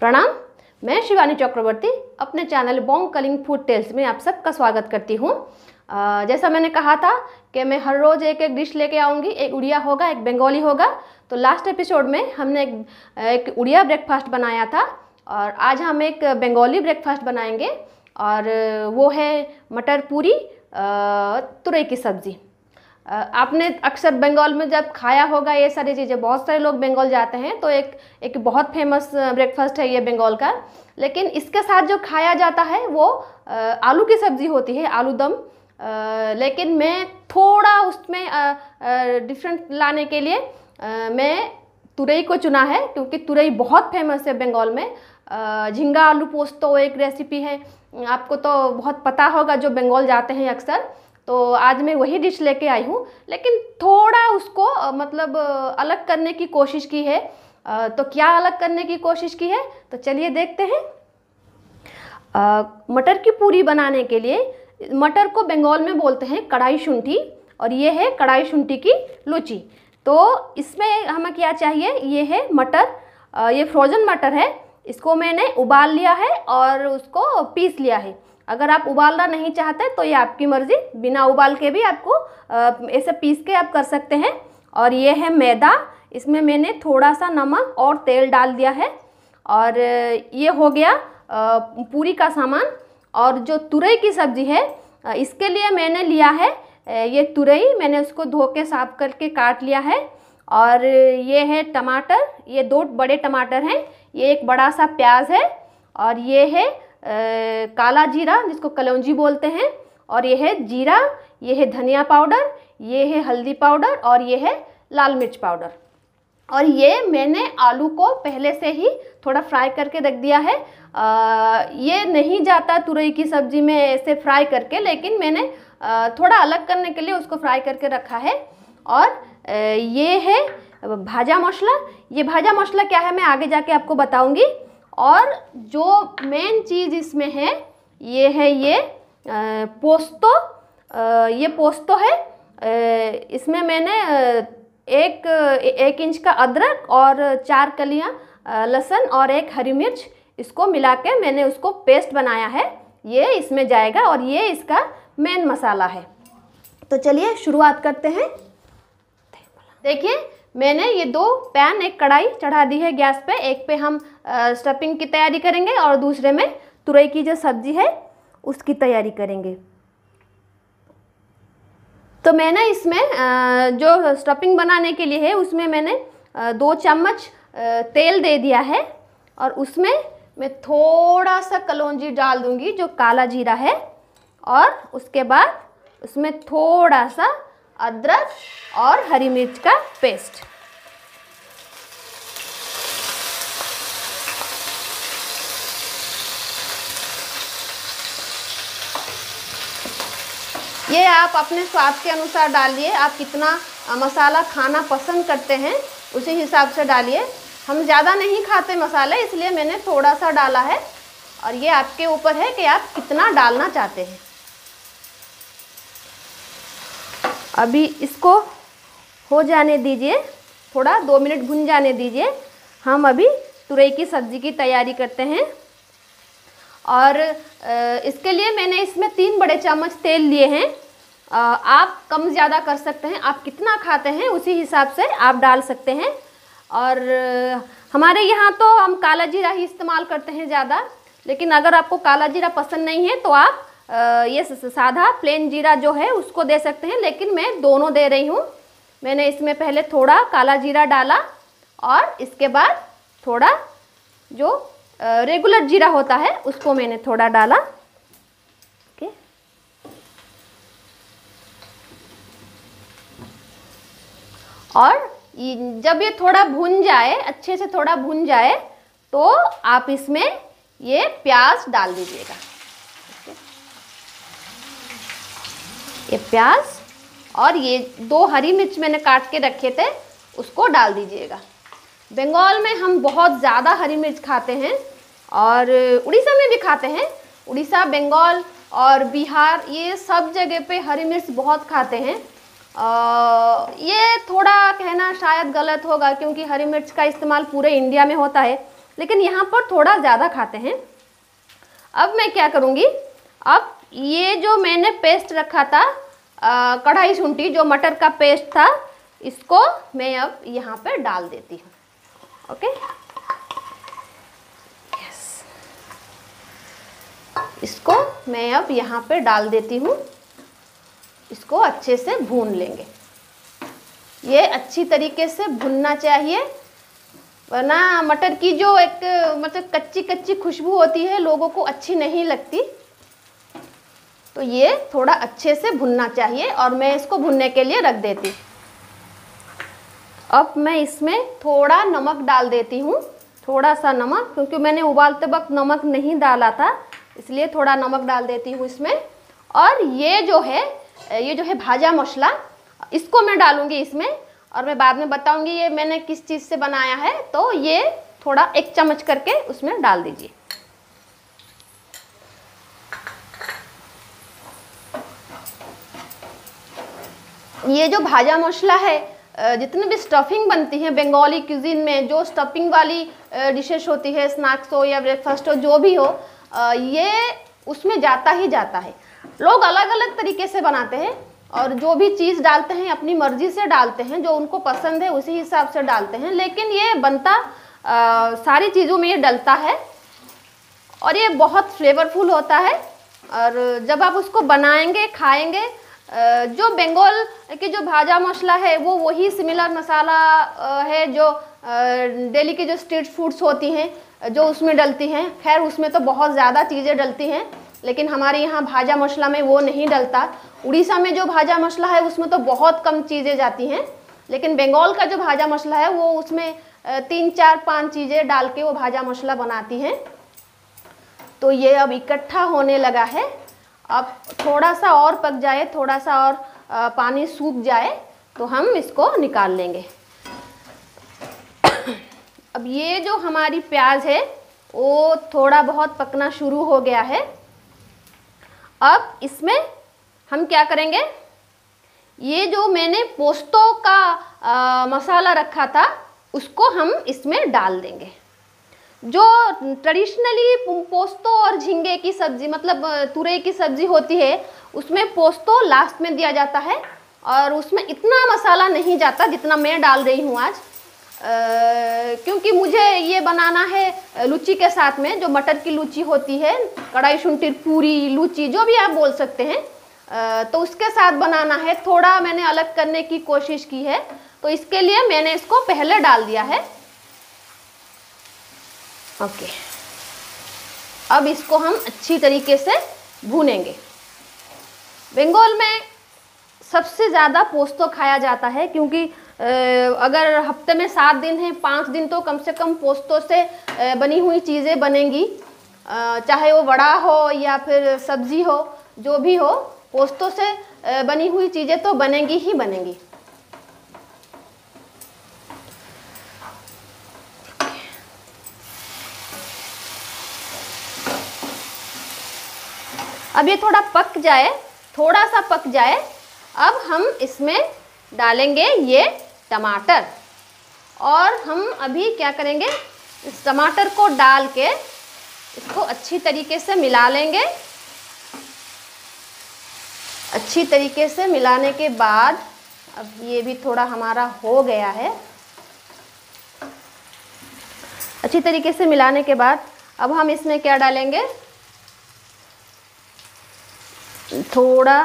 प्रणाम मैं शिवानी चक्रवर्ती अपने channel Bong Calling food tales में आप सबका स्वागत करती हूँ जैसा मैंने कहा था कि मैं हर रोज़ एक एक डिश लेके आऊँगी एक उड़िया होगा एक बंगाली होगा तो लास्ट एपिसोड में हमने एक एक उड़िया ब्रेकफास्ट बनाया था और आज हम एक बंगाली ब्रेकफास्ट बनाएंगे और वो है मटर पूरी तुरई की सब्ज़ी आपने अक्सर बंगाल में जब खाया होगा ये सारी चीज़ें बहुत सारे लोग बंगाल जाते हैं तो एक एक बहुत फेमस ब्रेकफास्ट है ये बंगाल का लेकिन इसके साथ जो खाया जाता है वो आलू की सब्ज़ी होती है आलू दम लेकिन मैं थोड़ा उसमें डिफरेंट लाने के लिए मैं तुरई को चुना है क्योंकि तुरई बहुत फेमस है बंगाल में झिंगा आलू पोस्त तो एक रेसिपी है आपको तो बहुत पता होगा जो बंगाल जाते हैं अक्सर तो आज मैं वही डिश लेके आई हूँ लेकिन थोड़ा उसको मतलब अलग करने की कोशिश की है तो क्या अलग करने की कोशिश की है तो चलिए देखते हैं मटर की पूरी बनाने के लिए मटर को बंगाल में बोलते हैं कढ़ाई शुंठी और ये है कढ़ाई शुंठी की लुची तो इसमें हमें क्या चाहिए ये है मटर ये फ्रोज़न मटर है इसको मैंने उबाल लिया है और उसको पीस लिया है अगर आप उबालना नहीं चाहते तो ये आपकी मर्ज़ी बिना उबाल के भी आपको ऐसे पीस के आप कर सकते हैं और ये है मैदा इसमें मैंने थोड़ा सा नमक और तेल डाल दिया है और ये हो गया पूरी का सामान और जो तुरई की सब्ज़ी है इसके लिए मैंने लिया है ये तुरई मैंने उसको धो के साफ करके काट लिया है और ये है टमाटर ये दो बड़े टमाटर हैं ये एक बड़ा सा प्याज है और ये है काला जीरा जिसको कलौजी बोलते हैं और यह है जीरा यह है धनिया पाउडर ये है हल्दी पाउडर और ये है लाल मिर्च पाउडर और ये मैंने आलू को पहले से ही थोड़ा फ्राई करके रख दिया है आ, ये नहीं जाता तुरई की सब्ज़ी में ऐसे फ्राई करके लेकिन मैंने आ, थोड़ा अलग करने के लिए उसको फ्राई करके रखा है और आ, ये है भाजा मसला ये भाजा मसला क्या है मैं आगे जाके आपको बताऊंगी और जो मेन चीज़ इसमें है ये है ये पोस्तो ये पोस्तो है इसमें मैंने एक एक इंच का अदरक और चार कलियाँ लहसुन और एक हरी मिर्च इसको मिला के मैंने उसको पेस्ट बनाया है ये इसमें जाएगा और ये इसका मेन मसाला है तो चलिए शुरुआत करते हैं देखिए मैंने ये दो पैन एक कढ़ाई चढ़ा दी है गैस पे एक पे हम स्टफिंग की तैयारी करेंगे और दूसरे में तुरई की जो सब्जी है उसकी तैयारी करेंगे तो मैंने इसमें जो स्टफिंग बनाने के लिए है उसमें मैंने दो चम्मच तेल दे दिया है और उसमें मैं थोड़ा सा कलौजी डाल दूंगी जो काला जीरा है और उसके बाद उसमें थोड़ा सा अदरक और हरी मिर्च का पेस्ट ये आप अपने स्वाद के अनुसार डालिए आप कितना मसाला खाना पसंद करते हैं उसी हिसाब से डालिए हम ज़्यादा नहीं खाते मसाले इसलिए मैंने थोड़ा सा डाला है और ये आपके ऊपर है कि आप कितना डालना चाहते हैं अभी इसको हो जाने दीजिए थोड़ा दो मिनट भुन जाने दीजिए हम अभी तुरई की सब्ज़ी की तैयारी करते हैं और इसके लिए मैंने इसमें तीन बड़े चम्मच तेल लिए हैं आप कम ज़्यादा कर सकते हैं आप कितना खाते हैं उसी हिसाब से आप डाल सकते हैं और हमारे यहाँ तो हम काला जीरा ही इस्तेमाल करते हैं ज़्यादा लेकिन अगर आपको काला जीरा पसंद नहीं है तो आप ये साधा प्लेन जीरा जो है उसको दे सकते हैं लेकिन मैं दोनों दे रही हूँ मैंने इसमें पहले थोड़ा काला जीरा डाला और इसके बाद थोड़ा जो रेगुलर जीरा होता है उसको मैंने थोड़ा डाला ओके और जब ये थोड़ा भुन जाए अच्छे से थोड़ा भुन जाए तो आप इसमें ये प्याज डाल दीजिएगा ये प्याज और ये दो हरी मिर्च मैंने काट के रखे थे उसको डाल दीजिएगा बंगाल में हम बहुत ज़्यादा हरी मिर्च खाते हैं और उड़ीसा में भी खाते हैं उड़ीसा बंगाल और बिहार ये सब जगह पे हरी मिर्च बहुत खाते हैं आ, ये थोड़ा कहना शायद गलत होगा क्योंकि हरी मिर्च का इस्तेमाल पूरे इंडिया में होता है लेकिन यहाँ पर थोड़ा ज़्यादा खाते हैं अब मैं क्या करूँगी अब ये जो मैंने पेस्ट रखा था कढ़ाई सुंटी जो मटर का पेस्ट था इसको मैं अब यहाँ पर डाल देती हूँ ओके यस इसको मैं अब यहाँ पर डाल देती हूँ इसको अच्छे से भून लेंगे ये अच्छी तरीके से भुनना चाहिए वरना मटर की जो एक मतलब कच्ची कच्ची खुशबू होती है लोगों को अच्छी नहीं लगती तो ये थोड़ा अच्छे से भुनना चाहिए और मैं इसको भुनने के लिए रख देती अब मैं इसमें थोड़ा नमक डाल देती हूँ थोड़ा सा नमक क्योंकि मैंने उबालते वक्त नमक नहीं डाला था इसलिए थोड़ा नमक डाल देती हूँ इसमें और ये जो है ये जो है भाजा मसला इसको मैं डालूँगी इसमें और मैं बाद में बताऊँगी ये मैंने किस चीज़ से बनाया है तो ये थोड़ा एक चम्मच करके उसमें डाल दीजिए ये जो भाजा मसला है जितने भी स्टफिंग बनती है बंगाली क्यूजिन में जो स्टफिंग वाली डिशेस होती है स्नैक्स हो या ब्रेकफास्ट हो जो भी हो ये उसमें जाता ही जाता है लोग अलग अलग तरीके से बनाते हैं और जो भी चीज़ डालते हैं अपनी मर्जी से डालते हैं जो उनको पसंद है उसी हिसाब से डालते हैं लेकिन ये बनता आ, सारी चीज़ों में ये डलता है और ये बहुत फ्लेवरफुल होता है और जब आप उसको बनाएंगे खाएंगे जो बंगाल के जो भाजा मसाला है वो वही सिमिलर मसाला है जो दिल्ली के जो स्ट्रीट फूड्स होती हैं जो उसमें डलती हैं खैर उसमें तो बहुत ज़्यादा चीज़ें डलती हैं लेकिन हमारे यहाँ भाजा मसाला में वो नहीं डलता उड़ीसा में जो भाजा मसाला है उसमें तो बहुत कम चीज़ें जाती हैं लेकिन बंगाल का जो भाजा मसाला है वो उसमें तीन चार पाँच चीज़ें डाल के वो भाजा मसाला बनाती हैं तो ये अब इकट्ठा होने लगा है अब थोड़ा सा और पक जाए थोड़ा सा और पानी सूख जाए तो हम इसको निकाल लेंगे अब ये जो हमारी प्याज है वो थोड़ा बहुत पकना शुरू हो गया है अब इसमें हम क्या करेंगे ये जो मैंने पोस्तों का आ, मसाला रखा था उसको हम इसमें डाल देंगे जो ट्रेडिशनली पोस्तो और झींगे की सब्जी मतलब तुरई की सब्जी होती है उसमें पोस्तो लास्ट में दिया जाता है और उसमें इतना मसाला नहीं जाता जितना मैं डाल रही हूँ आज आ, क्योंकि मुझे ये बनाना है लुची के साथ में जो मटर की लुची होती है कढ़ाई शुंठी पूरी लुची जो भी आप बोल सकते हैं आ, तो उसके साथ बनाना है थोड़ा मैंने अलग करने की कोशिश की है तो इसके लिए मैंने इसको पहले डाल दिया है ओके अब इसको हम अच्छी तरीके से भूनेंगे बंगाल में सबसे ज़्यादा पोस्तो तो खाया जाता है क्योंकि अगर हफ्ते में सात दिन हैं पाँच दिन तो कम से कम पोस्तों से बनी हुई चीज़ें बनेंगी चाहे वो वड़ा हो या फिर सब्ज़ी हो जो भी हो पोस्तों से बनी हुई चीज़ें तो बनेंगी ही बनेंगी अब ये थोड़ा पक जाए थोड़ा सा पक जाए अब हम इसमें डालेंगे ये टमाटर और हम अभी क्या करेंगे इस टमाटर को डाल के इसको अच्छी तरीके से मिला लेंगे अच्छी तरीके से मिलाने के बाद अब ये भी थोड़ा हमारा हो गया है अच्छी तरीके से मिलाने के बाद अब हम इसमें क्या डालेंगे थोड़ा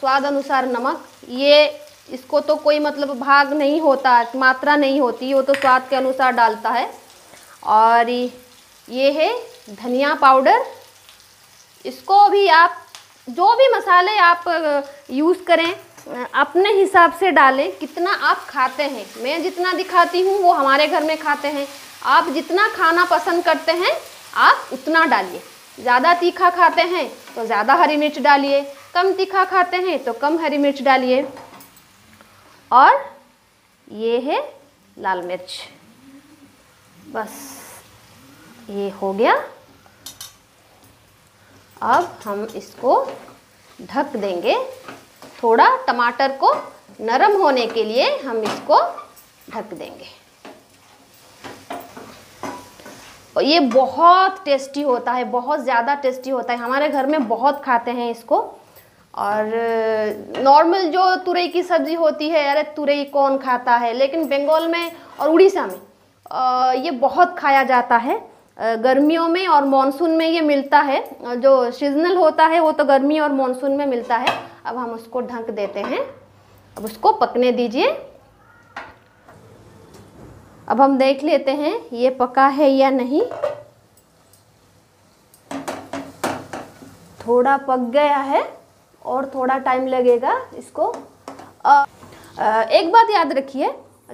स्वाद अनुसार नमक ये इसको तो कोई मतलब भाग नहीं होता मात्रा नहीं होती वो तो स्वाद के अनुसार डालता है और ये है धनिया पाउडर इसको भी आप जो भी मसाले आप यूज़ करें अपने हिसाब से डालें कितना आप खाते हैं मैं जितना दिखाती हूँ वो हमारे घर में खाते हैं आप जितना खाना पसंद करते हैं आप उतना डालिए ज़्यादा तीखा खाते हैं तो ज़्यादा हरी मिर्च डालिए कम तीखा खाते हैं तो कम हरी मिर्च डालिए और ये है लाल मिर्च बस ये हो गया अब हम इसको ढक देंगे थोड़ा टमाटर को नरम होने के लिए हम इसको ढक देंगे ये बहुत टेस्टी होता है बहुत ज़्यादा टेस्टी होता है हमारे घर में बहुत खाते हैं इसको और नॉर्मल जो तुरई की सब्ज़ी होती है अरे तुरई कौन खाता है लेकिन बंगाल में और उड़ीसा में ये बहुत खाया जाता है गर्मियों में और मानसून में ये मिलता है जो सीजनल होता है वो तो गर्मी और मानसून में मिलता है अब हम उसको ढक देते हैं अब उसको पकने दीजिए अब हम देख लेते हैं ये पका है या नहीं थोड़ा पक गया है और थोड़ा टाइम लगेगा इसको आ, एक बात याद रखिए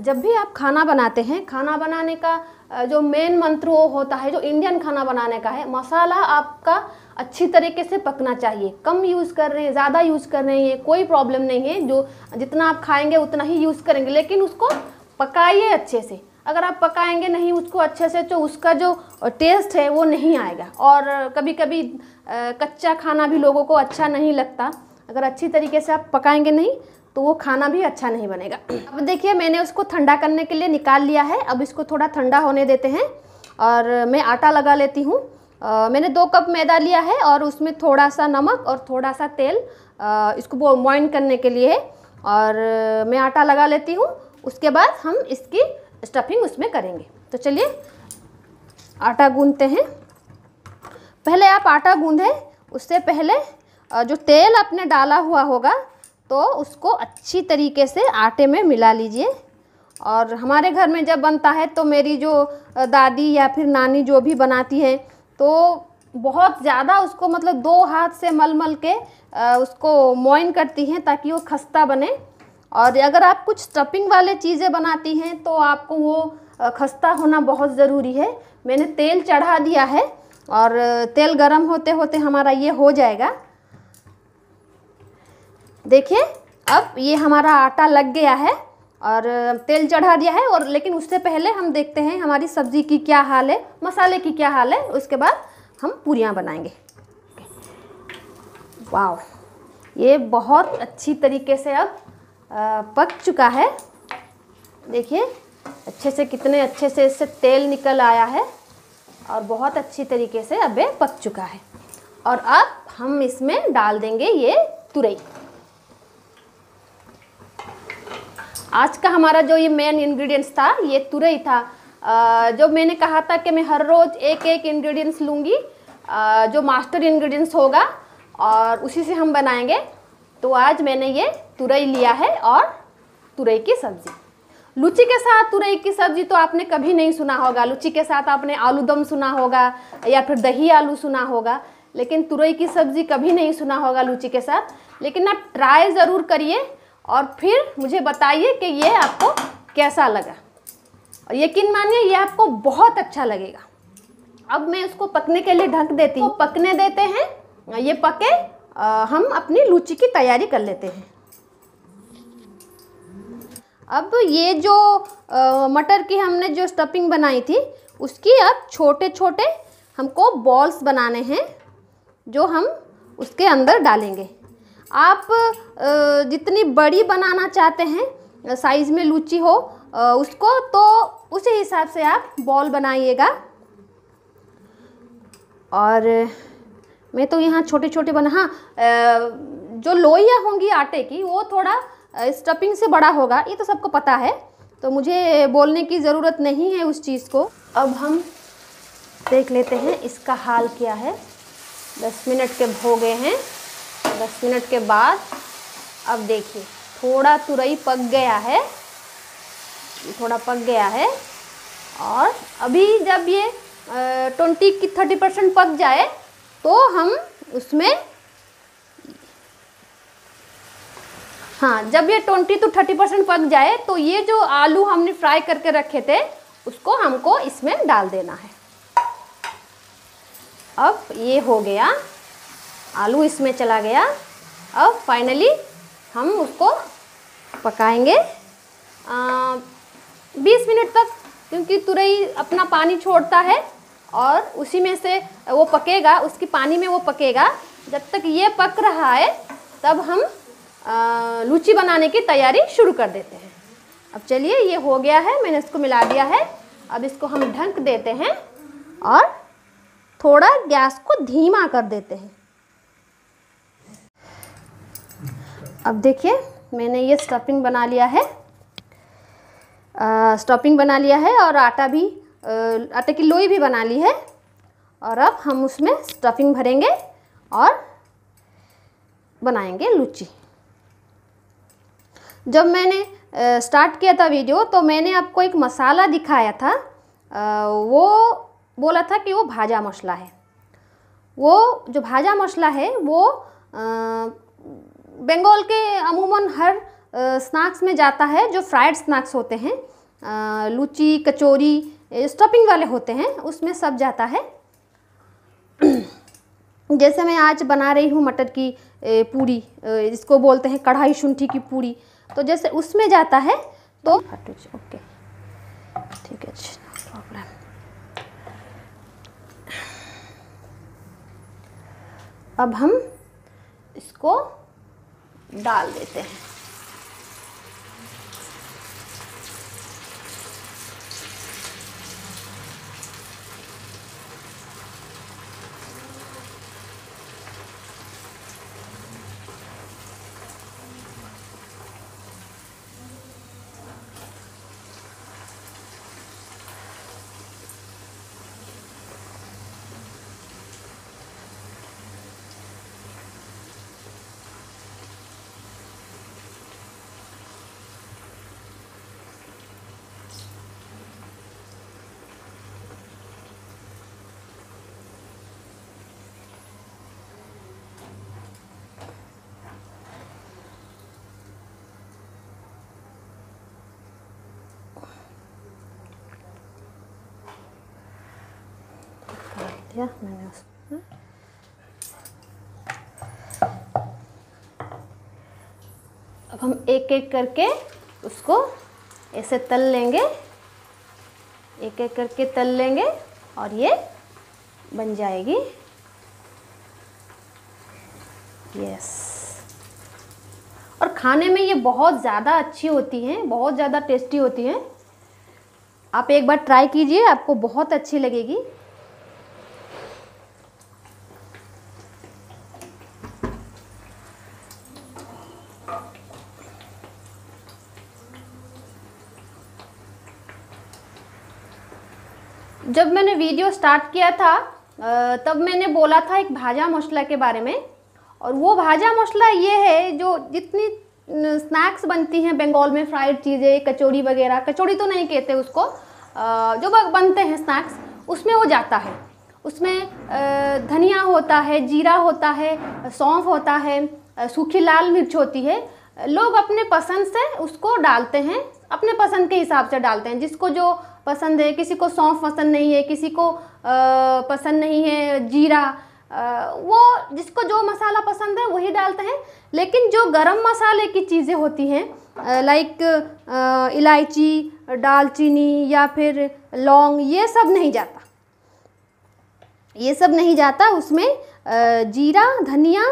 जब भी आप खाना बनाते हैं खाना बनाने का जो मेन मंत्र वो होता है जो इंडियन खाना बनाने का है मसाला आपका अच्छी तरीके से पकना चाहिए कम यूज़ कर रहे हैं ज़्यादा यूज़ कर रहे हैं कोई प्रॉब्लम नहीं है जो जितना आप खाएंगे उतना ही यूज़ करेंगे लेकिन उसको पकाइए अच्छे से अगर आप पकाएंगे नहीं उसको अच्छे से तो उसका जो टेस्ट है वो नहीं आएगा और कभी कभी कच्चा खाना भी लोगों को अच्छा नहीं लगता अगर अच्छी तरीके से आप पकाएंगे नहीं तो वो खाना भी अच्छा नहीं बनेगा अब देखिए मैंने उसको ठंडा करने के लिए निकाल लिया है अब इसको थोड़ा ठंडा होने देते हैं और मैं आटा लगा लेती हूँ मैंने दो कप मैदा लिया है और उसमें थोड़ा सा नमक और थोड़ा सा तेल आ, इसको मॉइन करने के लिए और मैं आटा लगा लेती हूँ उसके बाद हम इसकी स्टफिंग उसमें करेंगे तो चलिए आटा गूंदते हैं पहले आप आटा गूंधें उससे पहले जो तेल आपने डाला हुआ होगा तो उसको अच्छी तरीके से आटे में मिला लीजिए और हमारे घर में जब बनता है तो मेरी जो दादी या फिर नानी जो भी बनाती है तो बहुत ज़्यादा उसको मतलब दो हाथ से मल मल के उसको मोइन करती हैं ताकि वो खस्ता बने और अगर आप कुछ स्टफिंग वाले चीज़ें बनाती हैं तो आपको वो खस्ता होना बहुत ज़रूरी है मैंने तेल चढ़ा दिया है और तेल गरम होते होते हमारा ये हो जाएगा देखिए अब ये हमारा आटा लग गया है और तेल चढ़ा दिया है और लेकिन उससे पहले हम देखते हैं हमारी सब्ज़ी की क्या हाल है मसाले की क्या हाल है उसके बाद हम पूरियाँ बनाएंगे वाह ये बहुत अच्छी तरीके से अब पक चुका है देखिए अच्छे से कितने अच्छे से इससे तेल निकल आया है और बहुत अच्छी तरीके से अब ये पक चुका है और अब हम इसमें डाल देंगे ये तुरई आज का हमारा जो ये मेन इंग्रेडिएंट्स था ये तुरई था जो मैंने कहा था कि मैं हर रोज़ एक एक इंग्रेडिएंट्स लूँगी जो मास्टर इंग्रेडिएंट्स होगा और उसी से हम बनाएंगे तो आज मैंने ये तुरई लिया है और तुरई की सब्जी लुची के साथ तुरई की सब्जी तो आपने कभी नहीं सुना होगा लुची के साथ आपने आलू दम सुना होगा या फिर दही आलू सुना होगा लेकिन तुरई की सब्जी कभी नहीं सुना होगा लुची के साथ लेकिन आप ट्राई ज़रूर करिए और फिर मुझे बताइए कि ये आपको कैसा लगा और यकीन मानिए ये आपको बहुत अच्छा लगेगा अब मैं इसको पकने के लिए ढक देती हूँ पकने देते हैं ये पके आ, हम अपनी लूची की तैयारी कर लेते हैं अब ये जो मटर की हमने जो स्टफिंग बनाई थी उसकी अब छोटे छोटे हमको बॉल्स बनाने हैं जो हम उसके अंदर डालेंगे आप जितनी बड़ी बनाना चाहते हैं साइज़ में लूची हो उसको तो उसी हिसाब से आप बॉल बनाइएगा और मैं तो यहाँ छोटे छोटे बना हाँ जो लोइयाँ होंगी आटे की वो थोड़ा स्टफिंग से बड़ा होगा ये तो सबको पता है तो मुझे बोलने की ज़रूरत नहीं है उस चीज़ को अब हम देख लेते हैं इसका हाल क्या है दस मिनट के हो गए हैं दस मिनट के बाद अब देखिए थोड़ा तुरई पक गया है थोड़ा पक गया है और अभी जब ये ट्वेंटी की थर्टी परसेंट पक जाए तो हम उसमें हाँ जब ये ट्वेंटी टू थर्टी परसेंट पक जाए तो ये जो आलू हमने फ्राई करके रखे थे उसको हमको इसमें डाल देना है अब ये हो गया आलू इसमें चला गया अब फाइनली हम उसको पकाएंगे बीस मिनट तक क्योंकि तुरई अपना पानी छोड़ता है और उसी में से वो पकेगा उसकी पानी में वो पकेगा जब तक ये पक रहा है तब हम लूची बनाने की तैयारी शुरू कर देते हैं अब चलिए ये हो गया है मैंने इसको मिला दिया है अब इसको हम ढंक देते हैं और थोड़ा गैस को धीमा कर देते हैं अब देखिए मैंने ये स्टफिंग बना लिया है स्टफिंग बना लिया है और आटा भी आटे की लोई भी बना ली है और अब हम उसमें स्टफिंग भरेंगे और बनाएंगे लुची जब मैंने स्टार्ट किया था वीडियो तो मैंने आपको एक मसाला दिखाया था आ, वो बोला था कि वो भाजा मसाला है वो जो भाजा मसला है वो आ, बंगाल के अमूमन हर स्नैक्स में जाता है जो फ्राइड स्नैक्स होते हैं लुची कचौरी स्टॉपिंग वाले होते हैं उसमें सब जाता है जैसे मैं आज बना रही हूँ मटर की पूरी इसको बोलते हैं कढ़ाई शुंठी की पूरी तो जैसे उसमें जाता है तो ओके ठीक है प्रॉब्लम अब हम इसको डाल देते हैं दिया मैंने hmm? अब हम एक एक करके उसको ऐसे तल लेंगे एक एक करके तल लेंगे और ये बन जाएगी यस और खाने में ये बहुत ज़्यादा अच्छी होती हैं बहुत ज़्यादा टेस्टी होती हैं आप एक बार ट्राई कीजिए आपको बहुत अच्छी लगेगी वीडियो स्टार्ट किया था तब मैंने बोला था एक भाजा मसला के बारे में और वो भाजा मसला ये है जो जितनी स्नैक्स बनती हैं बंगाल में फ्राइड चीज़ें कचौड़ी वगैरह कचौड़ी तो नहीं कहते उसको जो बनते हैं स्नैक्स उसमें वो जाता है उसमें धनिया होता है जीरा होता है सौंफ होता है सूखी लाल मिर्च होती है लोग अपने पसंद से उसको डालते हैं अपने पसंद के हिसाब से डालते हैं जिसको जो पसंद है किसी को सौंफ पसंद नहीं है किसी को पसंद नहीं है जीरा वो जिसको जो मसाला पसंद है वही डालते हैं लेकिन जो गरम मसाले की चीज़ें होती हैं लाइक इलायची दालचीनी या फिर लौंग ये सब नहीं जाता ये सब नहीं जाता उसमें जीरा धनिया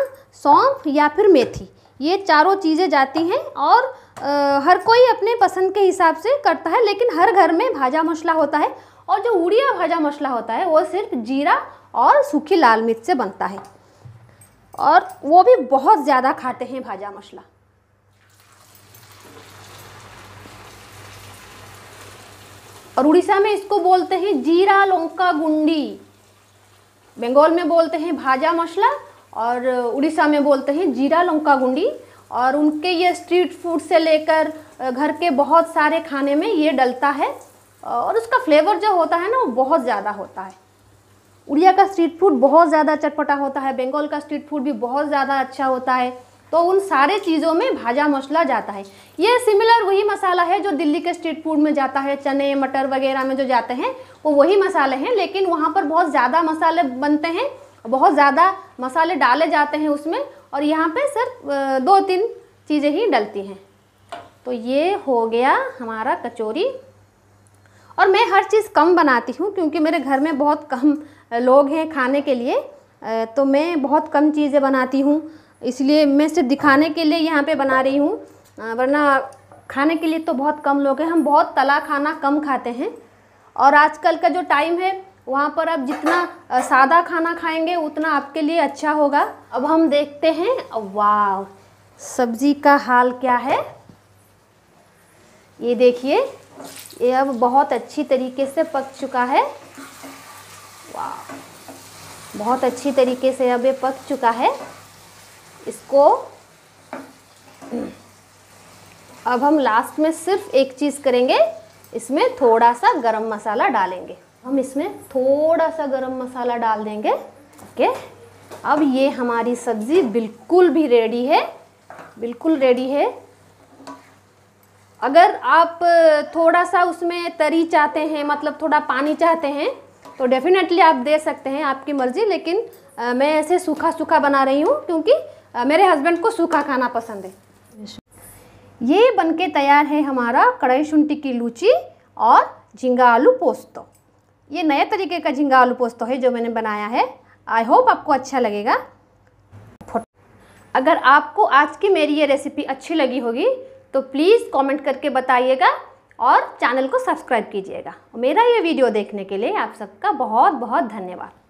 सौंफ या फिर मेथी ये चारों चीज़ें जाती हैं और आ, हर कोई अपने पसंद के हिसाब से करता है लेकिन हर घर में भाजा मसला होता है और जो उड़िया भाजा मसला होता है वो सिर्फ जीरा और सूखी लाल मिर्च से बनता है और वो भी बहुत ज़्यादा खाते हैं भाजा मसला और उड़ीसा में इसको बोलते हैं जीरा लौका गुंडी बंगाल में बोलते हैं भाजा मसला और उड़ीसा में बोलते हैं जीरा लौका गुंडी और उनके ये स्ट्रीट फूड से लेकर घर के बहुत सारे खाने में ये डलता है और उसका फ्लेवर जो होता है ना वो बहुत ज़्यादा होता है उड़िया का स्ट्रीट फूड बहुत ज़्यादा चटपटा होता है बंगाल का स्ट्रीट फूड भी बहुत ज़्यादा अच्छा होता है तो उन सारे चीज़ों में भाजा मसला जाता है ये सिमिलर वही मसाला है जो दिल्ली के स्ट्रीट फूड में जाता है चने मटर वगैरह में जो जाते हैं वो वही मसाले हैं लेकिन वहाँ पर बहुत ज़्यादा मसाले बनते हैं बहुत ज़्यादा मसाले डाले जाते हैं उसमें और यहाँ पे सर दो तीन चीज़ें ही डलती हैं तो ये हो गया हमारा कचौरी और मैं हर चीज़ कम बनाती हूँ क्योंकि मेरे घर में बहुत कम लोग हैं खाने के लिए तो मैं बहुत कम चीज़ें बनाती हूँ इसलिए मैं सिर्फ दिखाने के लिए यहाँ पे बना रही हूँ वरना खाने के लिए तो बहुत कम लोग हैं हम बहुत तला खाना कम खाते हैं और आजकल का जो टाइम है वहाँ पर आप जितना सादा खाना खाएंगे उतना आपके लिए अच्छा होगा अब हम देखते हैं वाह सब्जी का हाल क्या है ये देखिए ये अब बहुत अच्छी तरीके से पक चुका है वाह बहुत अच्छी तरीके से अब ये पक चुका है इसको अब हम लास्ट में सिर्फ एक चीज़ करेंगे इसमें थोड़ा सा गरम मसाला डालेंगे हम इसमें थोड़ा सा गरम मसाला डाल देंगे ओके अब ये हमारी सब्ज़ी बिल्कुल भी रेडी है बिल्कुल रेडी है अगर आप थोड़ा सा उसमें तरी चाहते हैं मतलब थोड़ा पानी चाहते हैं तो डेफिनेटली आप दे सकते हैं आपकी मर्ज़ी लेकिन आ, मैं ऐसे सूखा सूखा बना रही हूँ क्योंकि आ, मेरे हस्बैंड को सूखा खाना पसंद है ये बनके तैयार है हमारा कढ़ाई शुंटी की लूची और झींगा आलू पोस्तो ये नए तरीके का झींगा आलू पोस्त तो है जो मैंने बनाया है आई होप आपको अच्छा लगेगा अगर आपको आज की मेरी ये रेसिपी अच्छी लगी होगी तो प्लीज़ कमेंट करके बताइएगा और चैनल को सब्सक्राइब कीजिएगा मेरा ये वीडियो देखने के लिए आप सबका बहुत बहुत धन्यवाद